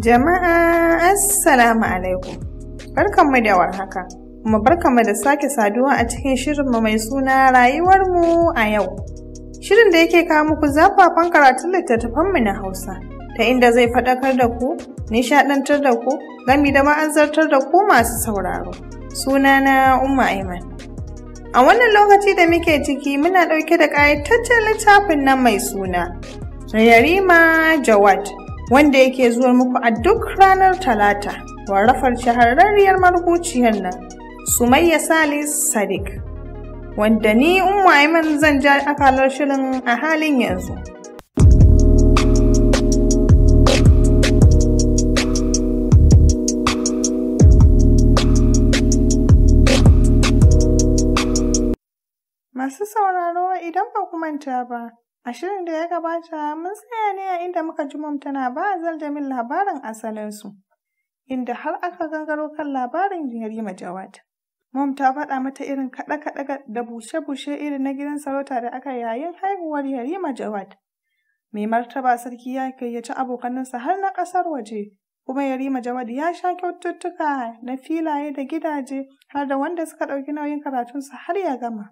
Jama'a Assalamu alaikum. Barkanmu da warhaka. Kuma barkanmu da sake saduwa a cikin shirin mu mai suna rayuwarmu a yau. Shirin da yake kawo muku zafafan karatun mu na Hausa, ta inda zai faɗakar da ku, nishaɗantar da ku, gami da ma'azartar da ku masu sauraro. Sunana Umma Aiman. A wannan lokaci da muke ciki muna ɗauke da ƙayataccen littafin nan mai suna. Yarima Jawad wanda yake zuwa muku a duk ranar talata warafar shahararriyar marubuciyar nan sumayya salis sadiq wanda ni umma aiman zan ja akalar shirin a halin yanzu masu sauraro idan ba ku manta ba A shirin da ya gabata mun tsaya ne a inda muka ji mom tana ba Azal labarin asalinsu, inda har aka gangaro kan labarin Yarima Jawad. Mom ta faɗa mata irin kaɗe-kaɗe da bushe-bushe irin na gidan sarauta da aka yayin haihuwar Yarima Jawad. Mai martaba sarki ya ci abokanansa har na ƙasar waje, kuma Yarima Jawad ya sha kyaututtuka na filaye da gidaje har da wanda suka ɗauki nauyin karatunsa har ya gama.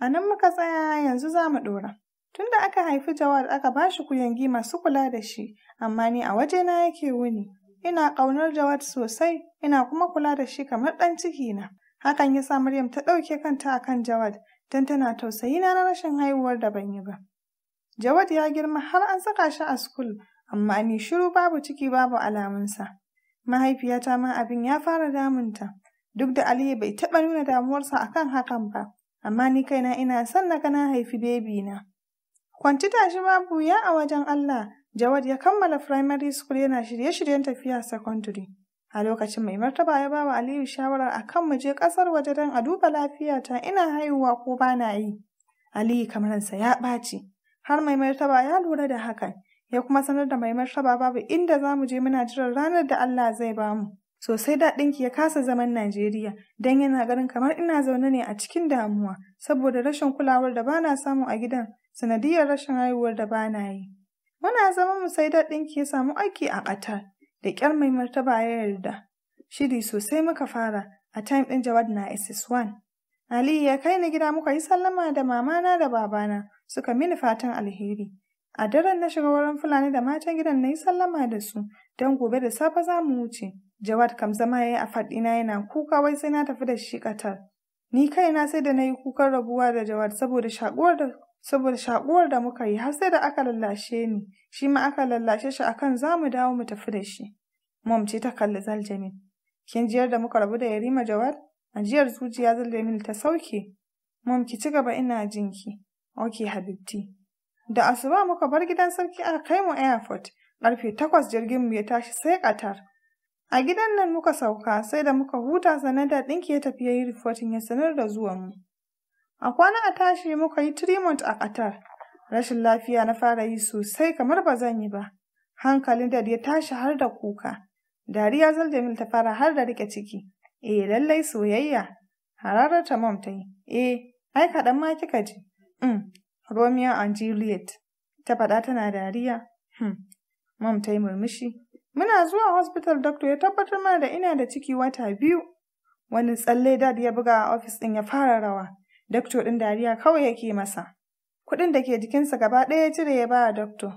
A nan muka tsaya yanzu za mu ɗora. tun da aka haifi Jawad aka ba shi kuyangi masu kula da shi, amma ni a wajena yake wuni. Ina ƙaunar Jawad sosai, ina kuma kula da shi kamar ɗan na. Hakan ya sa Maryam ta ɗauke kanta a kan Jawad, don tana tausayi na na rashin haihuwar da ban yi ba. Jawad ya girma har an saka shi a skul, amma ni shiru babu ciki babu alamunsa. Mahaifiyata ma abin ya fara damun ta. duk da Aliyu bai taɓa nuna damuwarsa akan hakan ba, amma ni kaina ina son na ga na haifi bebi na. Kwanci tashi babu ya a wajen Allah, Jawad ya kammala firamare school yana shirye-shiryen tafiya secondary. A lokacin mai martaba ya bawa Aliyu shawarar a kan muje ƙasar waje don a duba lafiyata ina haihuwa ko ba na yi. Aliyu kamar sa ya ɓaci, har mai martaba ya lura da hakan, ya kuma sanar da mai martaba babu inda za mu je muna jiran ranar da Allah zai ba mu. Sosai daɗinki ya kasa zaman Najeriya, don yana ganin kamar ina zaune ne a cikin damuwa, saboda rashin kulawar da bana samu a gidan sanadiyar rashin haihuwar da bana yi. Muna zama mu sai ki ya samu aiki a ƙatar. da ƙyar mai martaba ya yarda. Shiri sosai muka fara a time ɗin Jawad na SS1. Ali ya kai ni gida muka yi sallama da mamana da babana suka mini fatan alheri. A daren na shiga wurin Fulani da matan gidan na yi sallama da su don gobe da safe za mu wuce. Jawad kam zama ya yi a na yana kuka wai sai na tafi da shi ƙatar. Ni kaina sai da na yi kukan rabuwa da Jawad saboda shakuwar da saboda shaƙuwar da muka yi har sai da aka lallashe ni shi ma aka lallashe shi akan za mu dawo mu tafi da shi mom ce ta kalli zaljamin kin jiyar da muka rabu da yarima Jawar? ajiyar zuciya zaljamin ta sauke mom ki ci gaba ina jinki ok habibti da asuba muka bar gidan sarki aka kai mu airport karfe takwas jirgin mu ya tashi sai katar a gidan nan muka sauka sai da muka huta sannan da ɗinki ya tafi ya yi rifotin ya sanar da zuwan mu A kwana a tashi muka yi treatment a ƙatar. Rashin lafiya na fara yi sosai kamar ba zan yi ba. Hankalin da ya tashi har da kuka. Dariya Zaljamil ta fara har da rike ciki. Eh lallai soyayya. Hararar ta mom ta yi. Eh, ai kaɗan ma kika ji. Mm, Romeo and Juliet. Ta faɗa tana dariya. Hmm. Mom ta yi murmushi. Muna zuwa hospital doctor ya tabbatar mana da ina da ciki wata biyu. Wani tsalle dad ya buga a ofis ɗin ya fara rawa. Dakto ɗin dariya kawai yake masa. Kuɗin da ke jikinsa gaba ɗaya ya cire ya ba dakto.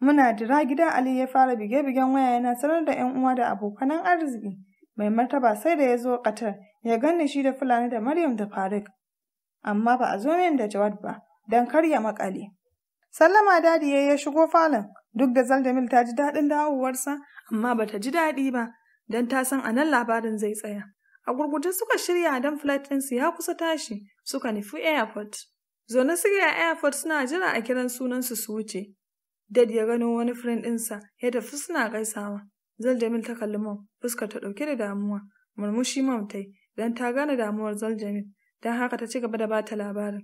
Muna dira gida Ali ya fara bige-bigen waya yana sanar da 'yan uwa da abokanan arziki. Mai martaba sai da ya zo Qatar ya ganni shi da Fulani da Maryam da Faruk. Amma ba a zo min da Jawad ba, don karya ya makale. Sallama dadi ya ya shigo falon, duk da Zaldamil ta ji daɗin dawowarsa, amma ba ta ji daɗi ba, don ta san a nan labarin zai tsaya. A gurguje suka shirya don flight ɗinsu ya kusa tashi, suka nufi airport. Zaune suke a airport suna jira a kiran sunansu su wuce. Dad ya gano wani friend ɗinsa ya tafi suna gaisawa. Zaljamil ta kalli mom, fuskar ta ɗauke da damuwa. Murmushi mom ta yi, don ta gane damuwar Zaljamil, don haka ta ci gaba da bata labarin.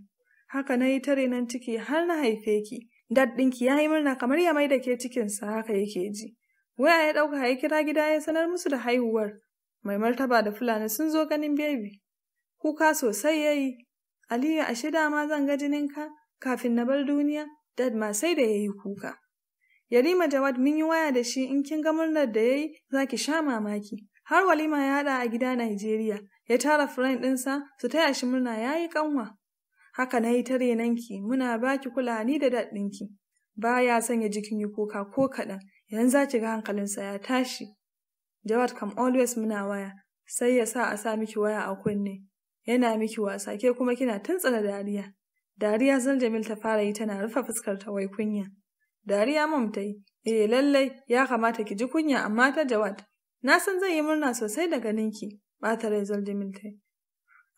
Haka na yi tare nan ciki har na haife ki. Dad ɗinki ya yi murna kamar ya mai da ke cikinsa haka yake ji. Waya ya ɗauka ya kira gida ya sanar musu da haihuwar. Mai martaba da Fulani sun zo ganin bebi. Kuka sosai ya yi, Aliyu ashe dama zan ga jininka kafin na bar duniya, dad ma sai da ya yi kuka. Yarima Jawad mun yi waya da shi in kin ga murnar da ya yi za ki sha mamaki. Har walima ya haɗa a gida Najeriya, ya tara friend ɗinsa su taya shi murna ya yi ƙanwa. Haka na yi ta renanki muna baki ki kula ni da dad ɗinki. Ba ya sanya jikin yi kuka ko kaɗan, yanzu za ki ga hankalinsa ya tashi. Jawad kam always muna waya, sai ya sa a sa miki waya a kunne. yana miki wasa ke kuma kina tantsana dariya dariya zaljamil ta fara yi tana rufe fuskar ta wai kunya dariya mam ta yi eh lallai ya kamata ki ji kunya amma ta jawad na san zai yi murna sosai da ganinki bata rai zaljamil ta yi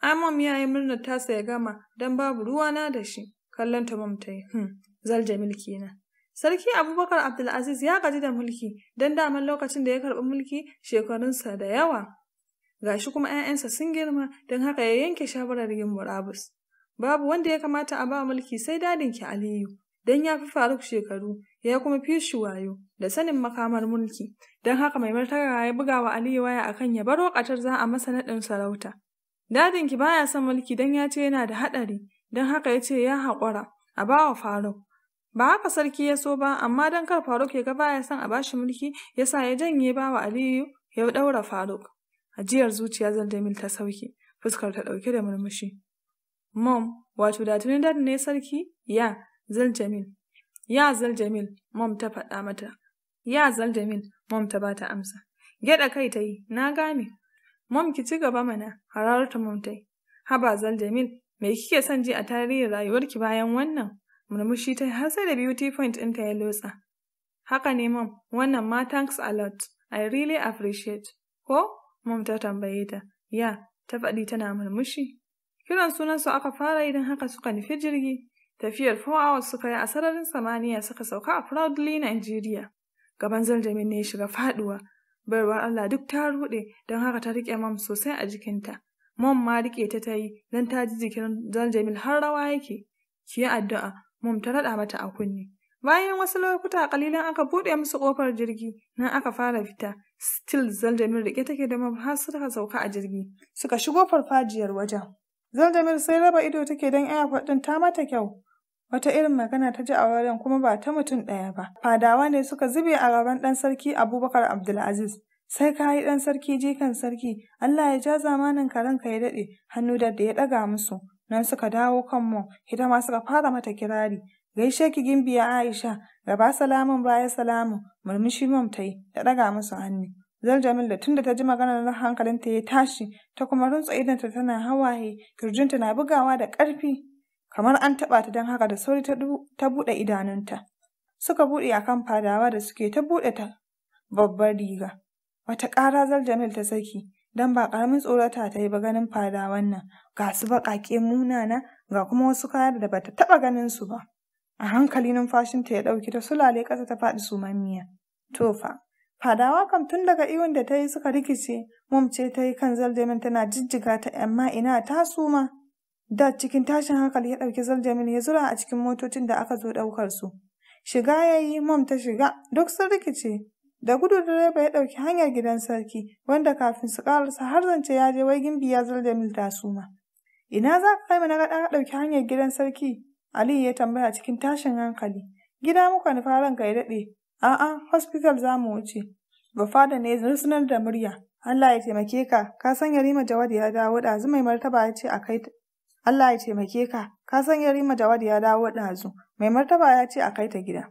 amam ya yi murnar tasa ya gama dan babu ruwa na da shi kallon ta mum ta yi hmm zaljamil kenan Sarki Abubakar Abdulaziz ya gaji da mulki don daman lokacin da ya karɓi mulki shekarunsa da yawa. ga shi kuma 'ya'yansa sun girma don haka ya yanke shawarar yin murabus. Babu wanda ya kamata a ba mulki sai dadin ki Aliyu, don ya fi Faruk shekaru, ya kuma fi shi wayo da sanin makamar mulki. Don haka mai martaba ya buga wa Aliyu waya akan ya baro wakatar za a masa naɗin sarauta. Dadin ki baya son mulki don ya ce yana da haɗari, don haka ya ce ya haƙura a ba wa Faruk. Ba haka sarki ya so ba, amma don kar Faruk ya ga baya son a bashi mulki, yasa ya janye ba wa Aliyu ya ɗaura Faruk. Ajiyar zuciya Zaljamil ta sauki, fuskar ta ɗauke da murmushi. Mom, wato da tuni ne sarki? Ya, Zaljamil. Ya Zaljamil, mom ta faɗa mata. Ya Zaljamil, mom ta bata amsa. Gyaɗa kai ta yi, na gane. Mom ki ci gaba mana, hararta mom ta yi. Haba Zaljamil, me kike son ji a tarihin rayuwarki bayan wannan? Murmushi ta har sai da beauty point ta ya lotsa. Haka ne mom, wannan ma thanks a lot. I really appreciate. Ko? Mom ta tambaye ta, ya, ta faɗi tana murmushi. Kiran sunansu aka fara idan haka suka nufi jirgi. Tafiyar 4 hours suka yi a sararin samaniya suka sauka a Proudly, Nigeria. Gaban Zaljamin ne shiga faduwa. Baiwar Allah duk ta ruɗe don haka ta riƙe mam sosai a jikinta. Mom ma riƙe ta ta yi don ta ji jikin zaljamin har rawa yake. Ki yi addu'a, mom ta raɗa mata a kunne. Bayan wasu lokuta kalilan aka buɗe musu ƙofar jirgi, nan aka fara fita. still Zaldamir rike take da mabha suka sauka a jirgi suka shigo farfajiyar wajen. Zaldamir sai raba ido take don airport ɗin ta mata kyau. Wata irin magana ta ji a wajen kuma ba ta mutum ɗaya ba. Fadawa ne suka zube a gaban ɗan sarki Abubakar Abdulaziz. Sai ka yi ɗan sarki jikan sarki, Allah ya ja zamanin ka ranka ya daɗe, hannu da ya ɗaga musu. Nan suka dawo kan mu, ita ma suka fara mata kirari. Gaishe ki gimbiya Aisha, gaba salamun baya salamu, murmushi mam ta yi, ta ɗaga musu hannu. Zaljamila tun da ta ji maganar hankalinta ya tashi, ta kuma runtse idanta tana hawaye, kirjinta na bugawa da ƙarfi. Kamar an taɓa ta don haka da sauri ta buɗe idanunta. Suka buɗe a kan fadawa da suke ta buɗe ta babbar riga. Wata ƙara Zaljamil ta saki, don ba ƙaramin tsorata ta yi ba ganin fadawan nan, ga su baƙaƙe munana, ga kuma wasu kayan da bata taɓa ganin su ba. A hankali numfashinta ya ɗauki ta sulale ƙasa ta faɗi sumammiya. Tofa, fadawa kam tun daga iwon da ta yi suka rikice, mum ce ta yi kan zaljamin tana jijjiga ta amma ina ta suma. Da cikin tashin hankali ya ɗauki zaljamin ya zura a cikin motocin da aka zo ɗaukar su. Shiga ya yi, mum ta shiga, duk sun rikice. Da gudu direba ya ɗauki hanyar gidan sarki, wanda kafin su ƙararsa har zance ya je wai gimbi ya zaljamin ta suma. Ina za ka kai na ga ɗauki hanyar gidan sarki? Aliyu ya tambaya cikin tashin hankali. Gida muka nufa ranka ya daɗe. A'a, hospital za mu wuce. Bafada ne sanar da murya. Allah ya taimake ka, ka san Yarima Jawadi ya dawo ɗazu mai martaba ya ce a kai Allah ya taimake ka, ka san Yarima Jawad ya dawo ɗazu mai martaba ya ce a kai ta gida.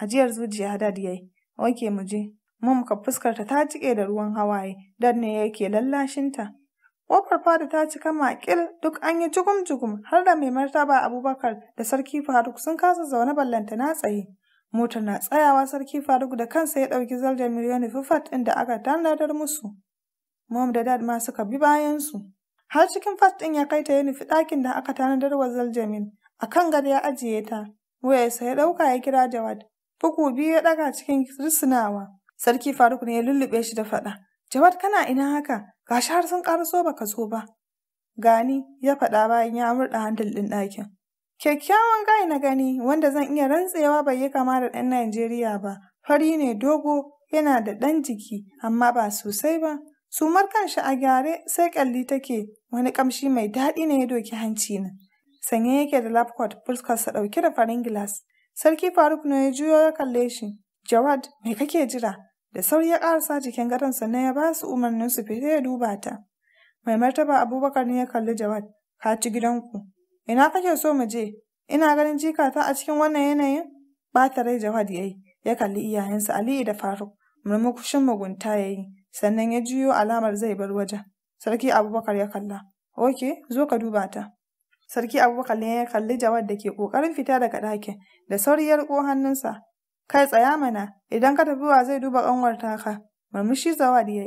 Ajiyar zuciya Dad yayi. Oke mu je. Mum muka fuskarta ta cike da ruwan hawaye. Dad ne yake lallashinta. Ƙofar fada ta cika makil duk an yi jugum-jugum har da mai martaba Abubakar da Sarki Faruk sun kasa zaune ballanta na tsaye. Motar na tsayawa Sarki Faruk da kansa ya ɗauki zaldar miliyan fifat ɗin aka tanadar musu. Mom da dad ma suka bi bayansu. Har cikin fat ɗin ya kai ta ya nufi ɗakin da aka tanadar wa zaljamin A kan gado ya ajiye ta. Wayarsa ya ɗauka ya kira Jawad. Bugu biyu ya ɗaga cikin risinawa. Sarki Faruk ne ya lullube shi da faɗa. Jawad kana ina haka, Ga har sun ƙaraso baka zo ba. Gani ya faɗa bayan ya murɗa handil ɗin ɗakin. Kyakkyawan gai na gani wanda zan iya rantsewa bai yi kama da ɗan Najeriya ba. Fari ne dogo yana da ɗan jiki amma ba sosai ba. Sumar kanshi a gyare sai ƙyalli take wani ƙamshi mai daɗi ne ya doki hanci na. Sanye yake da fuskar sa ɗauke da farin gilas. Sarki Faruk ne ya juyo ya kalle shi. Jawad, me kake jira? Da sauri ya ƙarasa jikin gadon sannan ya ba su umarnin su fita ya duba ta. Mai martaba Abubakar ne ya kalli Jawad, ka ci gidanku. Ina kake so mu je? Ina ganin jikata a cikin wannan yanayin? Ba ta rai Jawad ya yi, ya kalli iyayensa Aliyu da Faruk, murmukushin mugunta ya yi, sannan ya juyo alamar zai bar wajen. Sarki Abubakar ya kalla, oke, zo ka duba ta. Sarki Abubakar ne ya kalli Jawad da ke ƙoƙarin fita daga ɗakin, da sauri ya riƙo hannunsa, Kai tsaya mana, idan ka tafi wa zai duba ƙanwar taka, murmushi zawadi ya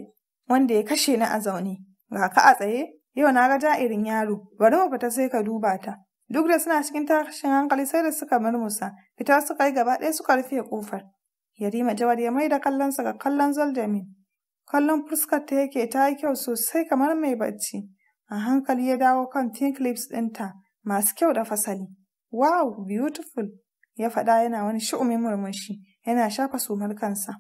wanda ya kashe ni a zaune. Ga ka a tsaye, yau na ga ja'irin yaro, bari mu fita sai ka duba ta. Duk da suna cikin tashin hankali sai da suka murmusa, fita suka yi gaba ɗaya suka rufe ƙofar. Yarima jawar ya mai da kallonsa ga kallon Zoldamin. Kallon fuskar ta yake ta yi kyau sosai kamar mai bacci. A hankali ya dawo kan pink lips ɗinta masu kyau da fasali. Wow, beautiful! ya faɗa yana wani shu'umin murmushi yana shafa sumar kansa.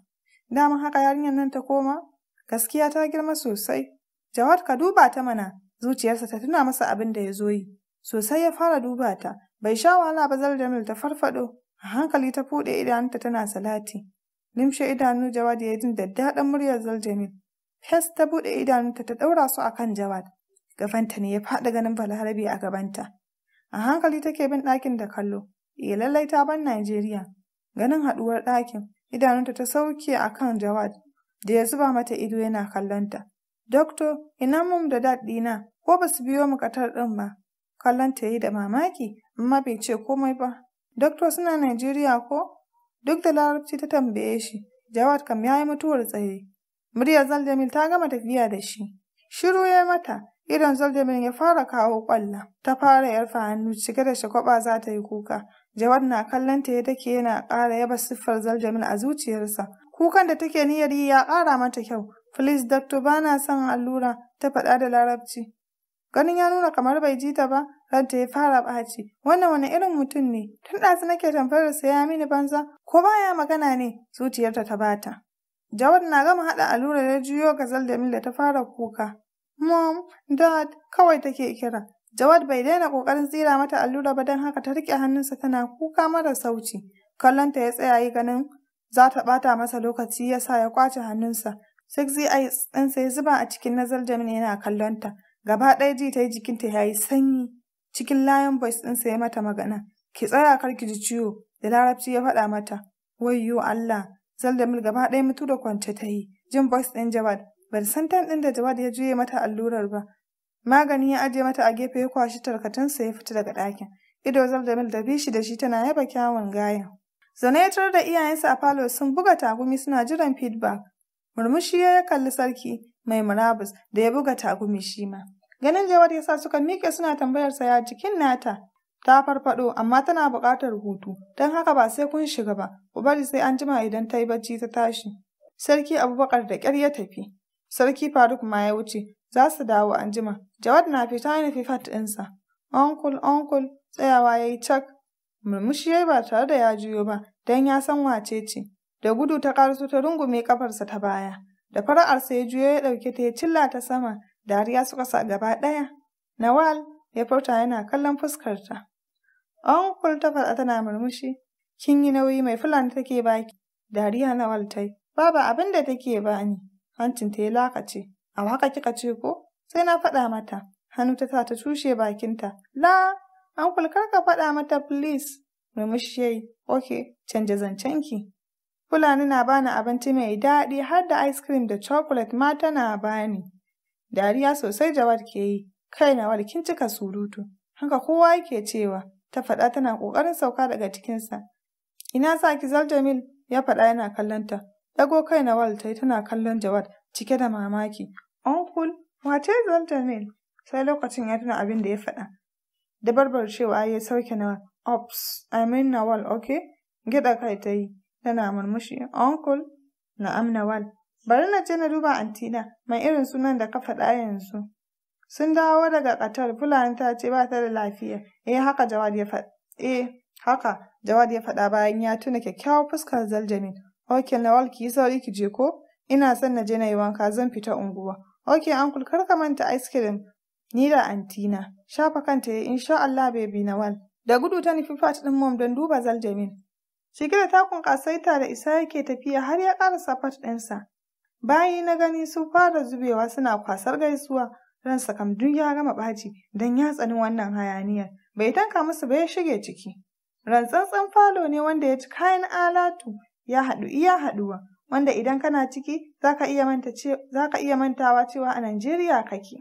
Daman haka yarinyar nan ta koma? Gaskiya ta girma sosai. Jawad ka duba ta mana, zuciyarsa ta tuna masa abin da ya zo yi. Sosai ya fara duba ta, bai sha wahala ba Jamil ta farfaɗo? a hankali ta buɗe idanunta tana salati. Limshe idanu Jawad ya jin daddaɗan muryar Jamil. Fes ta buɗe idanunta ta ɗaura su akan Jawad. Gabanta ne ya faɗi ganin Balarabe a gabanta. A hankali take bin ɗakin da kallo, E lallai ta ban Najeriya. Ganin haɗuwar ɗakin, idanunta ta sauke a kan Jawad, da ya zuba mata ido yana kallonta. Doktor, ina mum da dad ɗina, ko ba su biyo mu katar ɗin ba? Kallonta ya yi da mamaki, amma bai ce komai ba. Doktor suna Najeriya ko? Duk da larabci ta tambaye shi, Jawad kam ya yi mutuwar tsaye. Muryar Zaldamil ta gama tafiya da shi. Shiru ya mata, Idan Zaldamil ya fara kawo kwalla. Ta fara yarfa hannu cike da shakwaba za ta yi kuka. Jawad na kallon ta ya take yana ƙara yaba siffar Zaljamil a zuciyarsa. Kukan da take niyyar yi ya ƙara mata kyau. Please, Dr. bana son allura, ta faɗa da larabci. Ganin ya nuna kamar bai ji ta ba, ranta ya fara ɓaci. Wannan wani irin mutum ne? Tun ɗazu nake tamfar da ya mini banza, ko baya magana ne? Zuciyarta ta bata. Jawad na gama haɗa allura na juyo ga Zaljamil da ta fara kuka. Mom, Dad, kawai take kira. Jawad bai daina kokarin tsira mata allura ba don haka ta rike hannunsa tana kuka mara sauci. Kallonta ya tsaya yi ganin za ta ɓata masa lokaci ya sa ya ƙwace hannunsa. Sexy eyes ɗinsa ya zuba a cikin nazar Jamila yana kallonta. Gaba ɗaya ji ta yi jikinta ya yi sanyi. Cikin layan voice ɗinsa ya mata magana. Ki tsaya kar ki ji ciwo. Da larabci ya faɗa mata. Wayyo Allah! Zaldamil gaba ɗaya mutu da kwance ta yi. Jin voice ɗin Jawad. Bai san tan ɗin da Jawad ya juye mata allurar ba. Magani ya ajiye mata a gefe ya kwashi tarkatunsa ya fita daga ɗakin. Ido Zabdamil da bishi da shi tana yaba kyawun gayan. Zaune ya tarar da iyayensa a falo sun buga takumi suna jiran feedback. Murmushi ya kalli sarki mai murabus da ya buga takumi shi ma. Ganin Jawar ya sa suka miƙe suna tambayar sa ya jikin nata. Ta farfaɗo, amma tana buƙatar hutu don haka ba sai kun shiga ba. Ku bari sai an jima idan ta yi bacci ta tashi. Sarki Abubakar da ƙyar ya tafi. Sarki Faruk ma ya wuce Za su dawo anjima. Jawad na fita ne fi fat ɗinsa. Onkul, onkul, tsayawa ya yi cak. Murmushi ya ba tare da ya juyo ba, don ya san wace ce. Da gudu ta ƙarsu ta rungume ƙafarsa ta baya. Da fara'arsa ya juyo ya ɗauke ta ya cilla ta sama, dariya suka sa gaba ɗaya. Nawal ya furta yana kallon fuskarta. Onkul ta faɗa tana murmushi. Kin yi nauyi mai fulani take baki. Dariya Nawal ta yi. ba abin da take bani. Hancinta ya lakace. A haka kika ce ko? Sai na faɗa mata. Hannu ta sa ta tushe bakinta. La, an kulkar ka faɗa mata please. Murmushi yayi. Ok, canja ki. Fulani na bani abinci mai daɗi har da ice cream da chocolate ma tana bani. Dariya sosai jawar ke yi. Kai na kin cika surutu. Haka kowa yake cewa. Ta faɗa tana ƙoƙarin sauka daga cikinsa. Ina sa ki Zaljamil? Ya faɗa yana kallonta. Dago kai na wal tai tana kallon Jawad cike da mamaki. Uncle, wace ne? Sai lokacin ya tuna abin da ya faɗa. Da barbar cewa ya sauke na ops, I mean Nawal, okay? Gida kai ta yi, tana murmushi. Uncle, na'am Nawal. Bari na je na duba antina, mai irin sunan da ka faɗa yanzu. Sun dawo daga ƙatar. Fulani ta ce ba ta da lafiya. Eh haka Jawad ya faɗa. Eh haka Jawad ya faɗa bayan ya tuna kyakkyawar fuskar Zaljamin. Ok, Nawal ki yi sauri ki je ko? Ina son na je na yi wanka zan fita unguwa. Ok uncle kar ka manta ice cream. Ni da antina. Shafa kanta ya insha Allah baby Nawal. Da gudu ta nufi fat ɗin mom don duba Zaljamin. Shige da takun kasaita da isa yake tafiya har ya karasa fat ɗinsa. Bayi na gani sun fara zubewa suna kwasar gaisuwa. Ransa kam duk ya gama ɓaci don ya tsani wannan hayaniyar. Bai tanka musu ba ya shige ciki. Rantsantsen falo ne wanda ya ci kayan alatu ya haɗu iya haɗuwa. wanda idan kana ciki za ka iya mantawa cewa a Najeriya kake.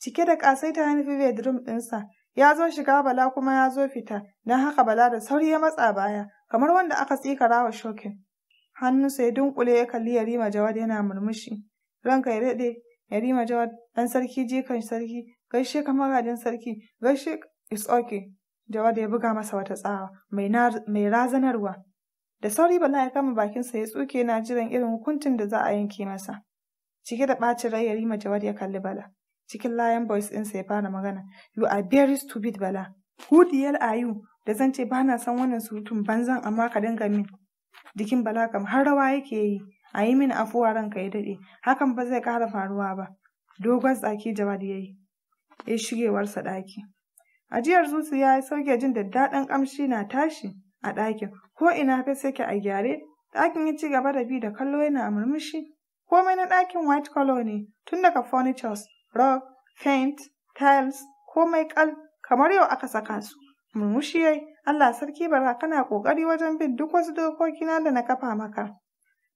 Cike da ƙasai ta fiye da bedroom ɗinsa, ya zo shiga Bala kuma ya zo fita, don haka Bala da sauri ya matsa baya, kamar wanda aka tsika rawa shokin. Hannu sai dunkule ya kalli Yarima Jawad yana murmushi. Ranka ya daɗe, Yarima Jawad, ɗan sarki jikan sarki, gaishe kamar gadin sarki, gaishe it's okay. Jawad ya buga masa wata tsawa mai razanarwa. Da sauri Bala ya kama bakinsa ya tsuke na jiran irin hukuncin da za a yanke masa. Cike da ɓacin rai Yarima jawar ya kalli Bala. Cikin layan boys ɗinsa ya fara magana. You are very stupid Bala. Who the hell are you? Da zan ce ba na san wannan surutun banzan amma ka dinga min. Jikin Bala kam har rawa yake yi. A yi min afuwa ranka ya daɗe. Hakan ba zai kara faruwa ba. Dogon tsaki jawar ya yi. Ya shigewarsa ɗaki. Ajiyar zuciya ya sauke jin daɗin ƙamshi na tashi a ɗakin ko ina ta yake a gyare ɗakin ya ci gaba da bi da kallo yana murmushi komai na ɗakin white color ne tun daga furnitures rug paint tiles mai kal kamar yau aka saka su murmushi yai, Allah sarki bara kana kokari wajen bin duk wasu dokokina da na kafa maka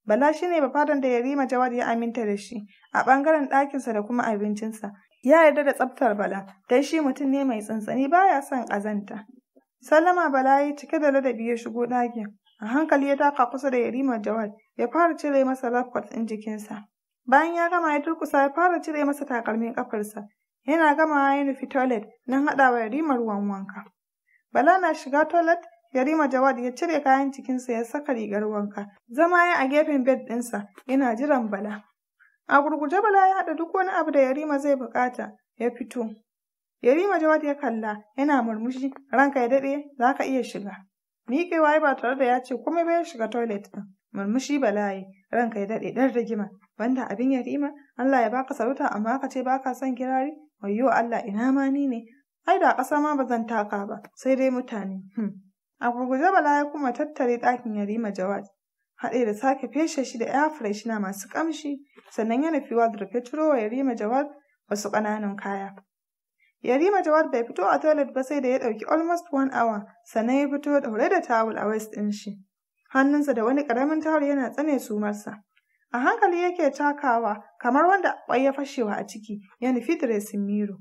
Bala shi ne bafadan da Yarima Jawad ya aminta da shi a ɓangaren ɗakinsa da kuma abincinsa. Ya yarda da tsaftar Bala, don shi mutum ne mai tsantsani baya son ƙazanta. Sallama Bala ya cike da ladabi ya shigo ɗakin. A hankali ya taka kusa da Yarima Jawad ya fara cire masa lafkwat ɗin jikinsa. Bayan ya gama ya turkusa ya fara cire masa takalmin ƙafarsa. Yana gama ya nufi toilet don haɗawa Yarima ruwan wanka. Bala na shiga toilet Yarima Jawad ya cire kayan jikinsa ya saka rigar wanka. Zama ya a gefen bed ɗinsa yana jiran Bala. A gurguje Bala ya haɗa duk wani abu da Yarima zai buƙata ya fito. Yarima Jawad ya kalla yana murmushi ranka ya daɗe za ka iya shiga. Miƙewa ya ba tare da ya ce komai ba ya shiga toilet ɗin. Murmushi bala'i ranka ya daɗe ɗan rigima. Banda abin yarima Allah ya baka sarauta amma ka ce baka son kirari wayyo Allah ina ma ni ne. Ai da ƙasa ma ba zan taka ba sai dai mutane. Hmm. A gurguje bala ya kuma tattare ɗakin yarima Jawad. haɗe da sake feshe shi da air na masu ƙamshi sannan ya nufi wa ya wa yarima Jawad wasu ƙananan kaya. Yarima Jawad bai fito a toilet ba sai da ya ɗauki almost one hour sannan ya fito ɗaure da tawul a waist ɗin shi. Hannunsa da wani ƙaramin tawul yana tsane sumarsa. A hankali yake takawa kamar wanda ƙwai ya fashewa a ciki ya nufi dressing mirror.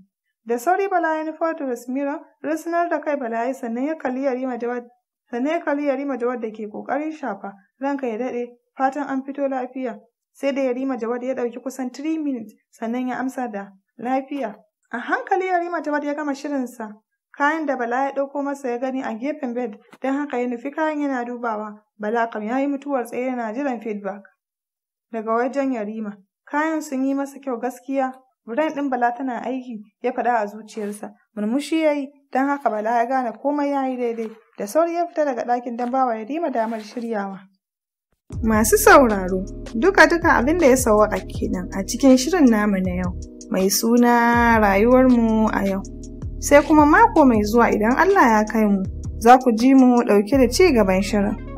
Da sauri Bala ya nufa dressing mirror da kai Bala ya sannan ya kalli Yarima Jawad sannan ya kalli Yarima Jawad da ke ƙoƙarin shafa ranka ya daɗe fatan an fito lafiya. Sai da Yarima Jawad ya ɗauki kusan 3 minutes sannan ya amsa da lafiya. A hankali Yarima ta ya gama shirinsa. Kayan da Bala ya ɗauko masa ya gani a gefen bed don haka ya nufi kayan yana dubawa. Bala kam ya yi mutuwar tsaye yana jiran feedback daga wajen Yarima. Kayan sun yi masa kyau gaskiya. Brain ɗin Bala tana aiki ya faɗa a zuciyarsa. Murmushi ya yi don haka Bala ya gane komai ya yi daidai. Da sauri ya fita daga ɗakin don bawa Yarima damar shiryawa. Masu sauraro, duka-duka abin da ya sauwaƙa kenan a cikin shirin namu na yau. mai suna rayuwarmu a yau. Sai kuma mako mai zuwa idan Allah ya kai mu, za ku ji mu ɗauke da ci gaban shirin.